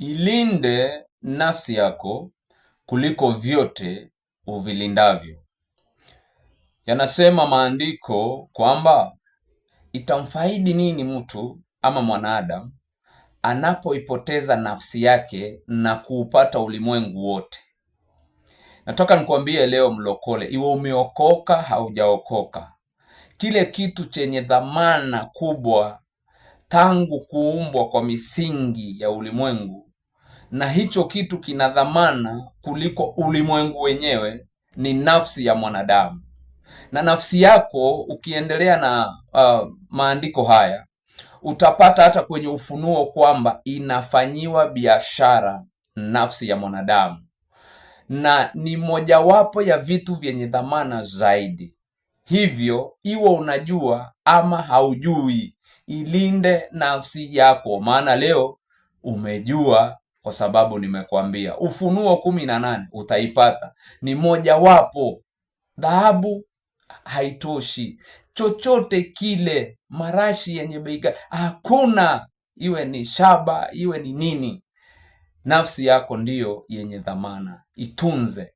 Ilinde nafsi yako kuliko vyote uvilindavyo. Yanasema maandiko kwamba itamfaidi nini mtu ama mwanadamu anapoipoteza nafsi yake na kuupata ulimwengu wote? Nataka nikuambie leo, mlokole, iwe umeokoka haujaokoka, kile kitu chenye dhamana kubwa tangu kuumbwa kwa misingi ya ulimwengu na hicho kitu kina dhamana kuliko ulimwengu wenyewe, ni nafsi ya mwanadamu. Na nafsi yako ukiendelea na uh, maandiko haya utapata hata kwenye Ufunuo kwamba inafanyiwa biashara nafsi ya mwanadamu, na ni mojawapo ya vitu vyenye dhamana zaidi. Hivyo iwe unajua ama haujui, ilinde nafsi yako, maana leo umejua kwa sababu nimekuambia Ufunuo kumi na nane utaipata, ni mojawapo. Dhahabu haitoshi, chochote kile, marashi yenye bei hakuna, iwe ni shaba, iwe ni nini. Nafsi yako ndiyo yenye dhamana, itunze.